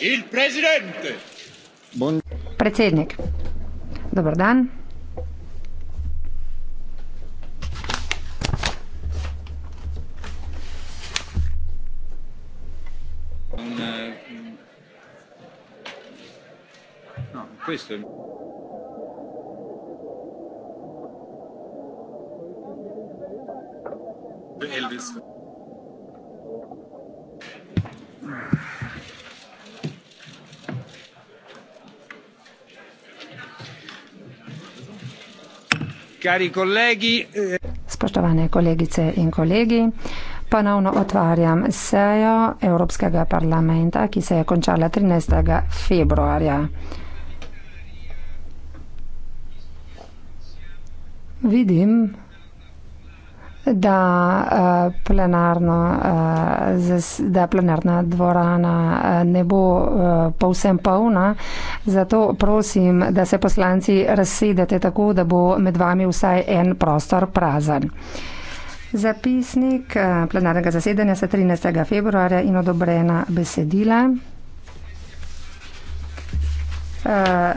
Il presidente. Bon... Predsednik. Dobar dan. No, Elvis. Spoštovane kolegice in kolegi, ponovno otvarjam sejo Evropskega parlamenta, ki se je končala 13. februarja. Vidim, da, uh, plenarno, uh, zas, da plenarna dvorana uh, ne bo uh, povsem polna. Zato prosim, da se poslanci razsedete tako, da bo med vami vsaj en prostor prazen. Zapisnik uh, plenarnega zasedanja se 13. februarja in odobrena besedila.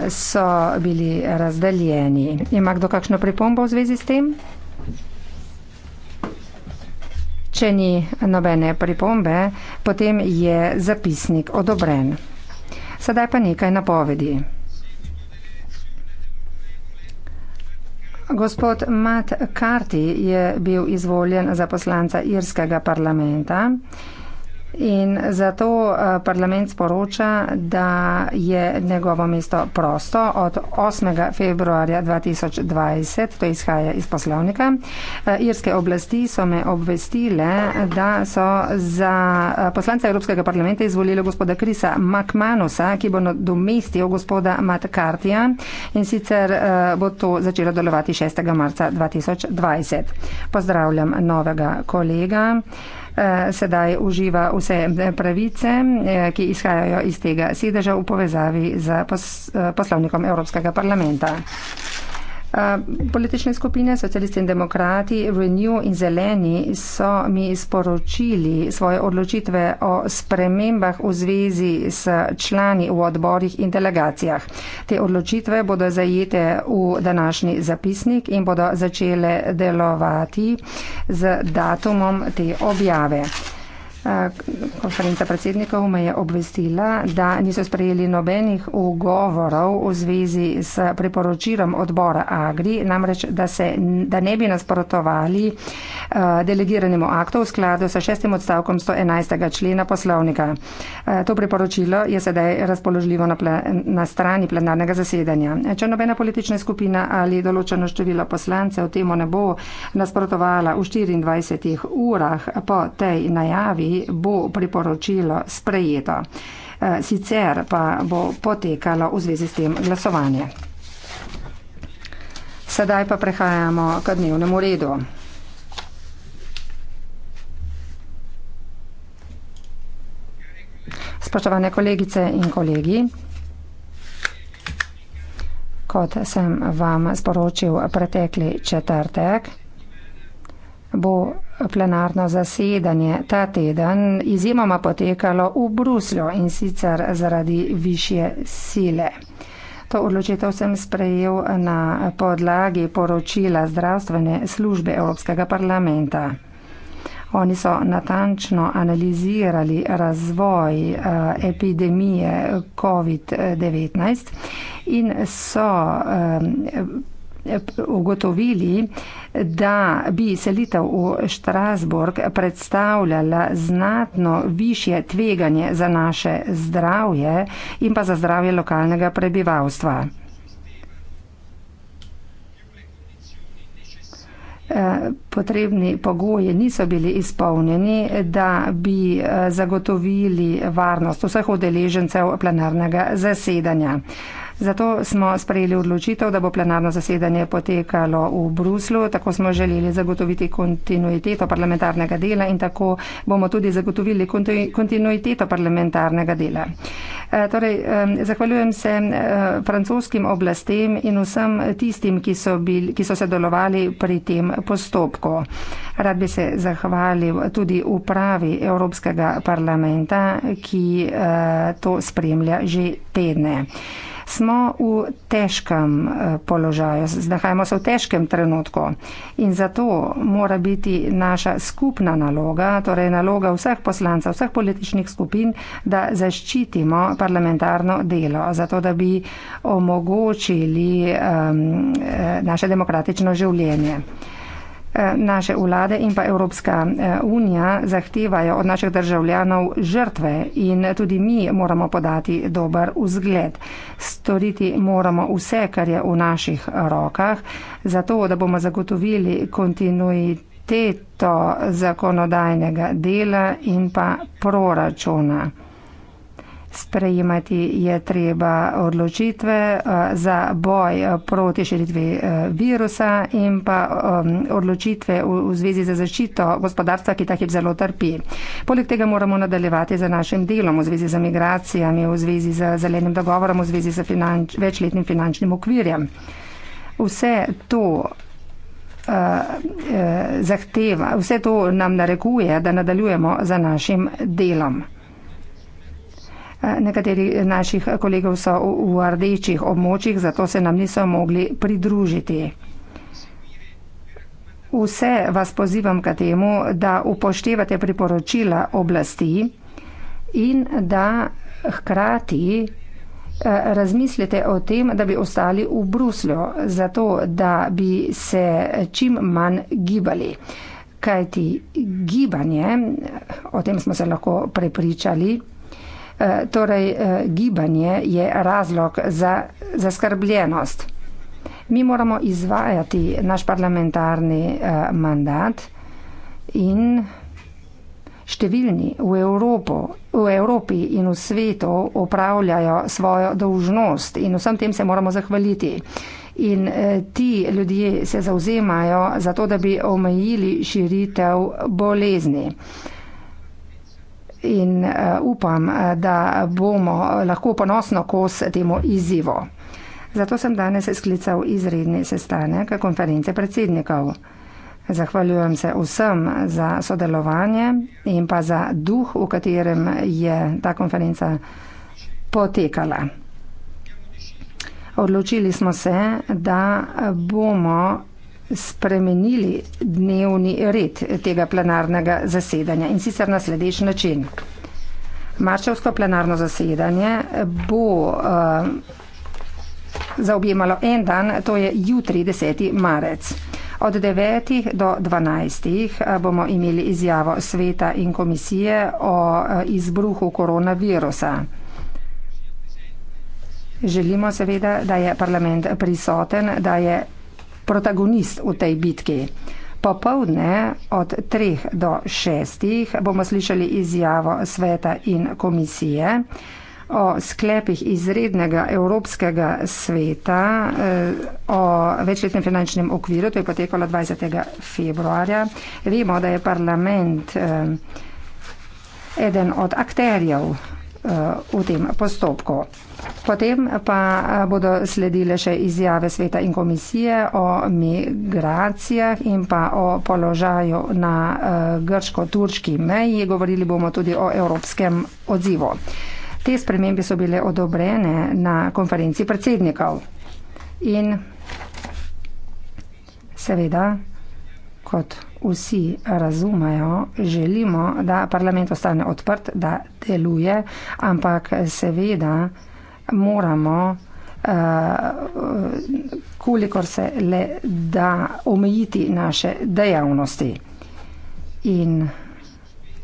So bili razdeljeni. Ima kdo kakšno pripombo v zvezi s tem? če ni nobene pripombe, potem je zapisnik odobren. Sedaj pa nekaj napovedi. Gospod Matt Carty je bil izvoljen za poslanca Irskega parlamenta. In zato eh, parlament sporoča, da je njegovo mesto prosto od 8. februarja 2020, to izhaja iz poslovnika. Eh, irske oblasti so me obvestile, da so za eh, poslanca Evropskega parlamenta izvolili gospoda Krisa McManusa, ki bo domestil gospoda Matt Cartija in sicer bo to začelo delovati 6. marca 2020. Pozdravljam novega kolega. Eh, sedaj uživa vse eh, pravice, eh, ki izhajajo iz tega sedeža v povezavi z poslovnikom Evropskega parlamenta. Politične skupine Socialisti in demokrati, Renew in Zeleni so mi sporočili svoje odločitve o spremembah v zvezi s člani v odborih in delegacijah. Te odločitve bodo zajete v današnji zapisnik in bodo začele delovati z datumom te objave. Konferenca predsednikov me je obvestila, da niso sprejeli nobenih ugovorov v zvezi s priporočilom odbora Agri, namreč, da, se, da ne bi nasprotovali eh, delegiranemu aktu v skladu s šestim odstavkom 111. člena poslovnika. Eh, to priporočilo je sedaj razpoložljivo na, plen, na strani plenarnega zasedanja. Eh, če nobena politična skupina ali določeno število poslancev temu ne bo nasprotovala v 24 urah po tej najavi, bo priporočilo sprejeto. Eh, sicer pa bo potekalo v zvezi s tem glasovanje. Sedaj pa prehajamo k dnevnemu redu. Spoštovane kolegice in kolegi, kot sem vam sporočil pretekli četrtek, bo plenarno zasedanje ta teden izjemoma potekalo v Bruslju in sicer zaradi višje sile. To odločitev sem sprejel na podlagi poročila zdravstvene službe Evropskega parlamenta. Oni so natančno analizirali razvoj eh, epidemije COVID-19 in so eh, ugotovili, da bi selitev v Štrasburg predstavljala znatno više tveganje za naše zdravje in pa za zdravje lokalnega prebivalstva. Potrebni pogoji niso bili izpolnjeni, da bi zagotovili varnost vseh odeležencev plenarnega zasedanja. Zato smo sprejeli odločitev, da bo plenarno zasedanje potekalo v Bruslu. Tako smo želeli zagotoviti kontinuiteto parlamentarnega dela in tako bomo tudi zagotovili kontinuiteto parlamentarnega dela. E, torej, zahvaljujem se e, francoskim oblastem in vsem tistim, ki so, bil, ki so sodelovali pri tem postopku. Rad bi se zahvalil tudi upravi Evropskega parlamenta, ki e, to spremlja že tedne smo v težkem eh, položaju, znahajamo se v težkem trenutku in zato mora biti naša skupna naloga, torej naloga vseh poslancev, vseh političnih skupin, da zaščitimo parlamentarno delo, zato da bi omogočili um, naše demokratično življenje. Eh, naše vlade in pa Evropska eh, unija zahtevajo od naših državljanov žrtve in tudi mi moramo podati dober vzgled. Storiti moramo vse, kar je v naših rokah, zato da bomo zagotovili kontinuiteto zakonodajnega dela in pa proračuna sprejemati je treba odločitve eh, za boj eh, proti širitvi eh, virusa in pa odločitve v zvezi za zaščito gospodarstva, ki takih zelo trpi. Poleg tega moramo nadaljevati za našim delom v zvezi za migracijami, v zvezi za zelenim dogovorom, v zvezi za finanč, večletnim finančnim okvirjem. Vse to zahteva, vse to nam narekuje, da nadaljujemo za našim delom. Nekateri naših kolegov so v rdečih območjih, zato se nam niso mogli pridružiti. Vse vas pozivam k temu, da upoštevate priporočila oblasti in da hkrati eh, razmislite o tem, da bi ostali v Bruslju, zato da bi se čim manj gibali. Kajti gibanje, o tem smo se lahko prepričali, Eh, torej eh, gibanje je razlog za zaskrbljenost. Mi moramo izvajati naš parlamentarni eh, mandat in številni v, Evropo, v Evropi in v svetu upravljajo svojo dolžnost in vsem tem se moramo zahvaliti. In ti ljudje se zauzemajo za to, da bi omejili širitev bolezni in eh, upam, eh, da bomo eh, lahko ponosno kos temu izzivu. Zato sem danes sklical izredni sestanek konference predsednikov. Zahvaljujem se vsem za sodelovanje in pa za duh, v katerem je ta konferenca potekala. Odločili smo se, da bomo spremenili dnevni red tega plenarnega zasedanja in sicer na sledeč način. Marčevsko plenarno zasedanje bo uh, zaobjemalo en dan, to je jutri 10. marec. Od 9. do 12. Eh, bomo imeli izjavo sveta in komisije o eh, izbruhu koronavirusa. Želimo seveda, da je parlament prisoten, da je protagonist v tej bitki. Popovdne od 3 do 6 bomo slišali izjavo sveta in komisije o sklepih izrednega Evropskega sveta eh, o večletnem finančnem okviru. To je potekalo 20. februarja. Vemo, da je parlament eh, eden od akterjev v tem postopku. Potem pa eh, bodo sledile še izjave sveta in komisije o migracijah in pa o položaju na eh, grško-turški meji. Govorili bomo tudi o evropskem odzivu. Te spremembe so bile odobrene na konferenci predsednikov. In seveda kot vsi razumejo, želimo, da parlament ostane odprt, da deluje, ampak seveda moramo, eh, kolikor se le da, omejiti naše dejavnosti. In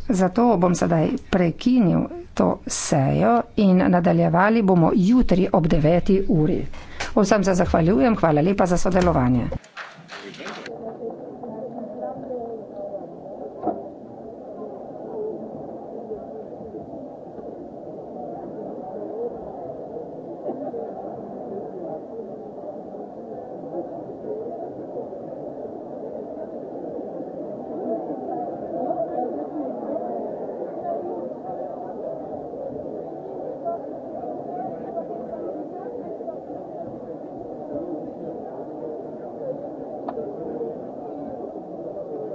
zato bom sedaj prekinil to sejo in nadaljevali bomo jutri ob 9. uri. Vsem se zahvaljujem, hvala lepa za sodelovanje.